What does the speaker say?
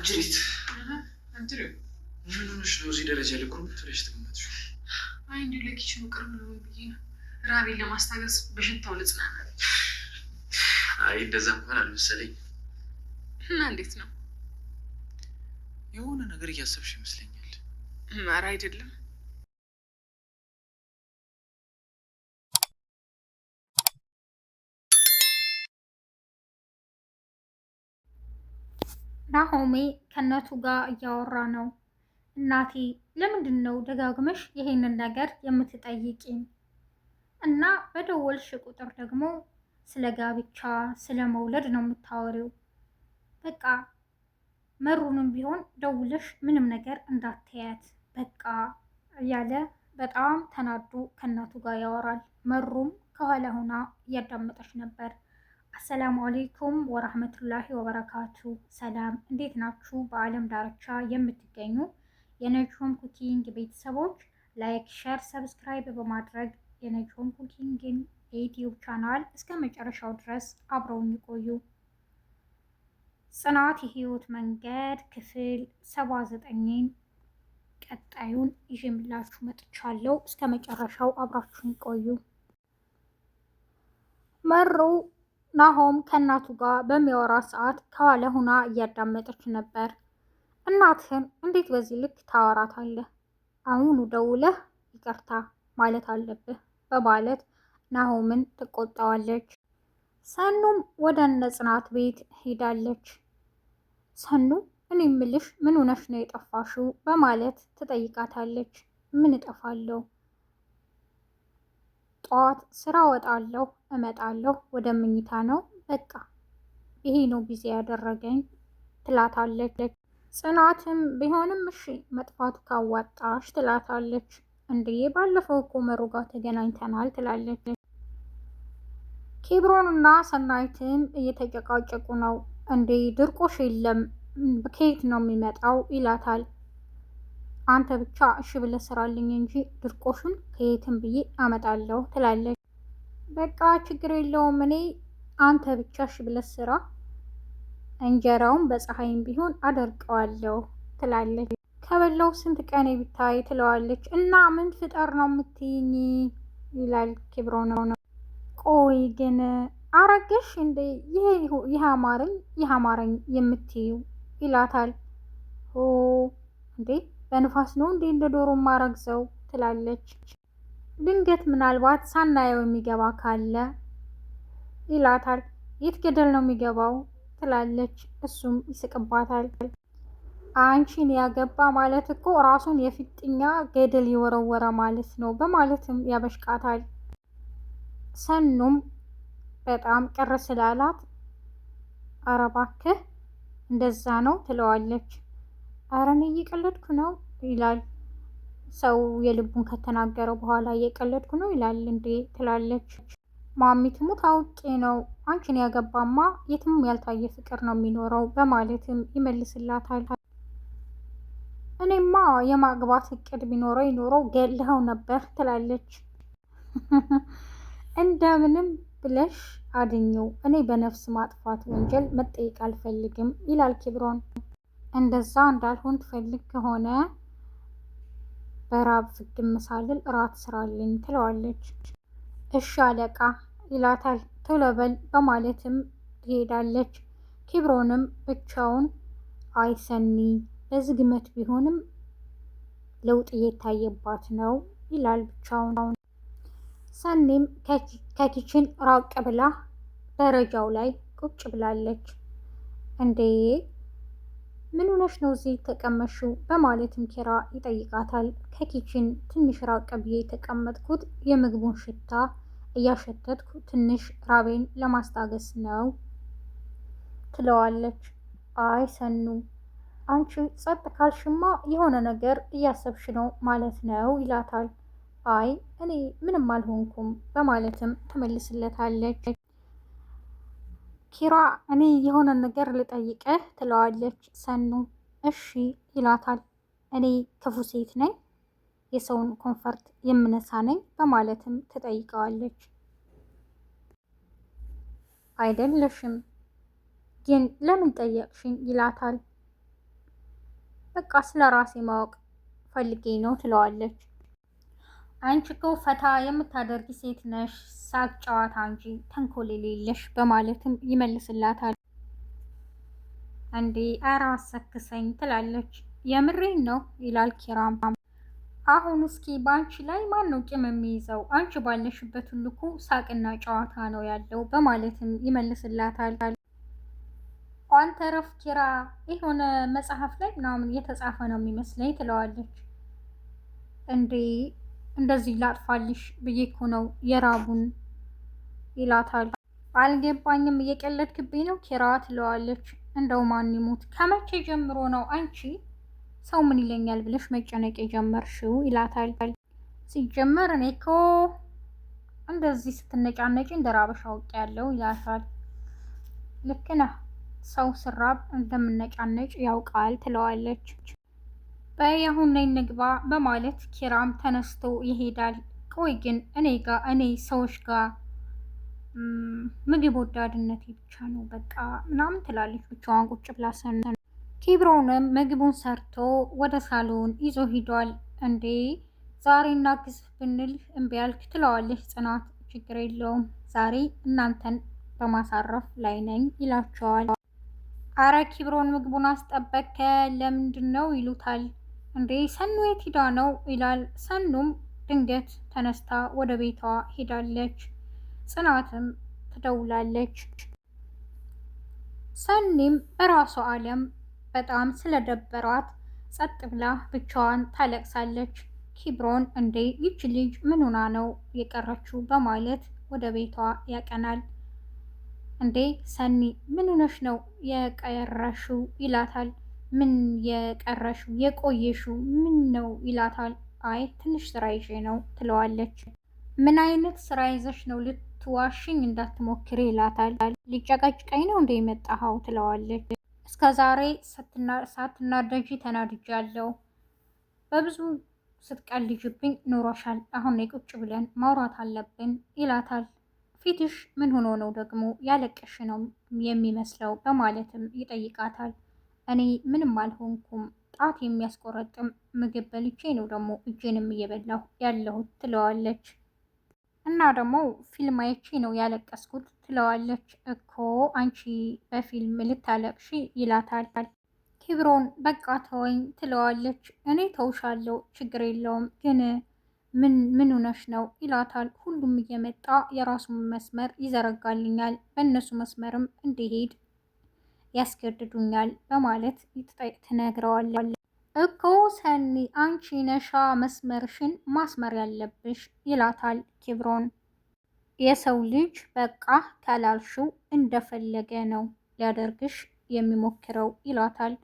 አንጅሪት አንትሪ ምን ሆነሽ ነው እዚህ ደረጃ ልኩርም ትለሽ ትገመትሽ? አይ እንዲሁ ለኪችኑ ቅርብ ነው ብዬ ነው ራቤን ለማስታገስ በሽታው ልጽናናል። አይ እንደዛ እንኳን አልመሰለኝ። እና እንዴት ነው? የሆነ ነገር እያሰብሽ ይመስለኛል። ኧረ አይደለም ናሆሜ ከእነቱ ጋር እያወራ ነው። እናቴ ለምንድን ነው ደጋግመሽ ይሄንን ነገር የምትጠይቂኝ? እና በደወልሽ ቁጥር ደግሞ ስለ ጋብቻ ስለ መውለድ ነው የምታወሪው። በቃ መሩንም ቢሆን ደውለሽ ምንም ነገር እንዳትያት በቃ እያለ በጣም ተናዶ ከእናቱ ጋር ያወራል። መሩም ከኋላ ሆና እያዳመጠች ነበር። አሰላሙ አሌይኩም ወራህመቱላሂ ወበረካቱ። ሰላም እንዴት ናችሁ? በዓለም ዳርቻ የምትገኙ የነጅሆም ኩኪንግ ቤተሰቦች ላይክ፣ ሸር፣ ሰብስክራይብ በማድረግ የነጅሆም ኩኪንግን የዩትዩብ ቻናል እስከ መጨረሻው ድረስ አብረውን ይቆዩ። ጽናት የህይወት መንገድ ክፍል ሰባ ዘጠኝን ቀጣዩን ይዤምላችሁ መጥቻለሁ። እስከ መጨረሻው አብራችሁን ይቆዩ። መሩ ናሆም ከእናቱ ጋር በሚያወራ ሰዓት ከኋላ ሁና እያዳመጠች ነበር። እናትህን እንዴት በዚህ ልክ ታወራታለህ? አሁኑ ደውለህ ይቅርታ ማለት አለብህ በማለት ናሆምን ትቆጣዋለች። ሰኑም ወደ እነ ጽናት ቤት ሄዳለች። ሰኑ እኔ እምልሽ ምን ሆነሽ ነው የጠፋሽው? በማለት ትጠይቃታለች። ምን እጠፋለሁ ጠዋት ስራ ወጣለሁ እመጣለሁ ወደ መኝታ ነው በቃ ይሄ ነው ጊዜ ያደረገኝ ትላታለች። ጽናትም ቢሆንም እሺ መጥፋቱ ካዋጣሽ ትላታለች። እንዴ ባለፈው እኮ መሩ ጋር ተገናኝተናል ትላለች። ኬብሮንና ሰናይትም እየተጨቃጨቁ ነው። እንዴ ድርቆሽ የለም ከየት ነው የሚመጣው ይላታል። አንተ ብቻ እሺ ብለህ ስራልኝ እንጂ ድርቆሹን ከየትም ብዬ አመጣለሁ ትላለች። በቃ ችግር የለውም እኔ አንተ ብቻ እሺ ብለህ ስራ፣ እንጀራውን በፀሐይም ቢሆን አደርቀዋለሁ ትላለች። ከበላው ስንት ቀን ቢታይ ትለዋለች። እና ምን ፍጠር ነው የምትይኝ ይላል ነው ቆይ ግን አረገሽ እንደ ይህ አማረኝ ይህ አማረኝ የምትይው ይላታል። እንዴ በንፋስ ነው እንዴ እንደ ዶሮ ማረግዘው ትላለች። ድንገት ምናልባት ሳናየው የሚገባ ካለ ይላታል። የት ገደል ነው የሚገባው ትላለች። እሱም ይስቅባታል። አንቺን ያገባ ማለት እኮ ራሱን የፊጥኛ ገደል የወረወረ ማለት ነው በማለትም ያበሽቃታል። ሰኑም በጣም ቅር ስላላት አረ እንደዛ ነው ትለዋለች። ኧረ እኔ እየቀለድኩ ነው ይላል። ሰው የልቡን ከተናገረው በኋላ እየቀለድኩ ነው ይላል እንዴ ትላለች። ማሚ ትሙት አውቄ ነው አንቺን ያገባማ የትም ያልታየ ፍቅር ነው የሚኖረው በማለትም ይመልስላታል። እኔማ የማግባት እቅድ ቢኖረው ይኖረው ገለኸው ነበር ትላለች። እንደምንም ብለሽ አድኘው፣ እኔ በነፍስ ማጥፋት ወንጀል መጠየቅ አልፈልግም ይላል ኪብሮን። እንደዛ እንዳልሆን ትፈልግ ከሆነ በራብ ፍግም ምሳልል እራት ስራልኝ ትለዋለች። እሺ አለቃ ይላታል። ቶሎ በል በማለትም ትሄዳለች። ኪብሮንም ብቻውን አይሰኒ በዝግመት ቢሆንም ለውጥ እየታየባት ነው ይላል ብቻውን። ሰኒም ከኪችን ራቅ ብላ ደረጃው ላይ ቁጭ ብላለች። እንዴ ምን ነው እዚህ የተቀመጥሽው? በማለትም ኪራ ይጠይቃታል። ከኪችን ትንሽ ራቅ ብዬ የተቀመጥኩት የምግቡን ሽታ እያሸተትኩ ትንሽ ራቤን ለማስታገስ ነው ትለዋለች። አይ ሰኑ፣ አንቺ ጸጥ ካልሽማ የሆነ ነገር እያሰብሽ ነው ማለት ነው ይላታል። አይ እኔ ምንም አልሆንኩም በማለትም ትመልስለታለች። ኪራ እኔ የሆነ ነገር ልጠይቅህ ትለዋለች። ሰኑ እሺ ይላታል። እኔ ክፉ ሴት ነኝ፣ የሰውን ኮንፈርት የምነሳ ነኝ በማለትም ትጠይቀዋለች። አይደለሽም ግን ለምን ጠየቅሽኝ? ይላታል። በቃ ስለ ራሴ ማወቅ ፈልጌ ነው ትለዋለች። አንቺ እኮ ፈታ የምታደርጊ ሴት ነሽ፣ ሳቅ ጨዋታ እንጂ ተንኮል የሌለሽ በማለትም ይመልስላታል። እንዴ ኧረ አሰክሰኝ ትላለች። የምሬን ነው ይላል ኪራም። አሁን እስኪ በአንቺ ላይ ማን ነው ቂም የሚይዘው? አንቺ ባለሽበት ሁሉ እኮ ሳቅና ጨዋታ ነው ያለው በማለትም ይመልስላታል። አንተ ረፍ ኪራ፣ የሆነ መጽሐፍ ላይ ምናምን የተጻፈ ነው የሚመስለኝ ትለዋለች። እንዴ እንደዚህ ላጥፋልሽ ብዬ እኮ ነው የራቡን ይላታል። አልገባኝም እየቀለድክብኝ ነው ኪራ ትለዋለች። እንደው ማን ይሙት ከመቼ ጀምሮ ነው አንቺ ሰው ምን ይለኛል ብለሽ መጨነቅ የጀመርሽው ይላታል። ሲጀመር እኔ እኮ እንደዚህ ስትነጫነጭ እንደራበሽ ያለው ይላታል። ልክ ነህ ሰው ስራብ እንደምነጫነጭ ያውቃል ትለዋለች። በይ ላይ ንግባ በማለት ኪራም ተነስቶ ይሄዳል። ቆይ ግን እኔ ጋ እኔ ሰዎች ጋር ምግብ ወዳድነቴ ብቻ ነው በቃ ምናምን ትላለች። ብቻዋን ቁጭ ብላ ሰነ ኪብሮንም ምግቡን ሰርቶ ወደ ሳሎን ይዞ ሂዷል። እንዴ ዛሬ እናግዝህ ብንል እምቢ አልክ ትለዋለች ጽናት። ችግር የለውም ዛሬ እናንተን በማሳረፍ ላይ ነኝ ይላቸዋል። አረ ኪብሮን ምግቡን አስጠበከ ለምንድን ነው ይሉታል። እንዴ ሰኑ የት ሂዳ ነው ይላል። ሰኑም ድንገት ተነስታ ወደ ቤቷ ሄዳለች። ጽናትም ትደውላለች። ሰኒም በራሷ ዓለም በጣም ስለደበሯት ጸጥ ብላ ብቻዋን ታለቅሳለች። ኪብሮን እንዴ ይች ልጅ ምኑና ነው የቀረችው በማለት ወደ ቤቷ ያቀናል። እንዴ ሰኒ ምን ሆነሽ ነው የቀረሽው ይላታል። ምን የቀረሹ የቆየሹ ምን ነው ይላታል። አይ ትንሽ ስራ ይዤ ነው ትለዋለች። ምን አይነት ስራ ይዘሽ ነው ልትዋሽኝ እንዳትሞክር ይላታል። ሊጨቀጭቀኝ ነው እንደ የመጣኸው ትለዋለች። እስከ ዛሬ ሳትናደጂ ተናድጃለሁ። በብዙ ስትቀልጅብኝ ኖሮሻል። አሁን ላይ ቁጭ ብለን ማውራት አለብን ይላታል። ፊትሽ ምን ሆኖ ነው ደግሞ ያለቀሽ ነው የሚመስለው በማለትም ይጠይቃታል። እኔ ምንም አልሆንኩም፣ ጣት የሚያስቆረጥም ምግብ በልቼ ነው ደግሞ እጄንም እየበላሁ ያለሁት ትለዋለች። እና ደግሞ ፊልም አይቼ ነው ያለቀስኩት ትለዋለች። እኮ አንቺ በፊልም ልታለቅሺ ይላታል። ኪብሮን በቃ ተወኝ ትለዋለች። እኔ ተውሻለሁ፣ ችግር የለውም ግን ምን ምን ሆነሽ ነው ይላታል። ሁሉም እየመጣ የራሱን መስመር ይዘረጋልኛል፣ በእነሱ መስመርም እንዲሄድ ያስገድዱኛል በማለት ትነግረዋለች። እኮ ሰኒ አንቺ ነሻ መስመርሽን ማስመር ያለብሽ ይላታል ኪብሮን። የሰው ልጅ በቃ ካላልሽው እንደፈለገ ነው ሊያደርግሽ የሚሞክረው ይላታል።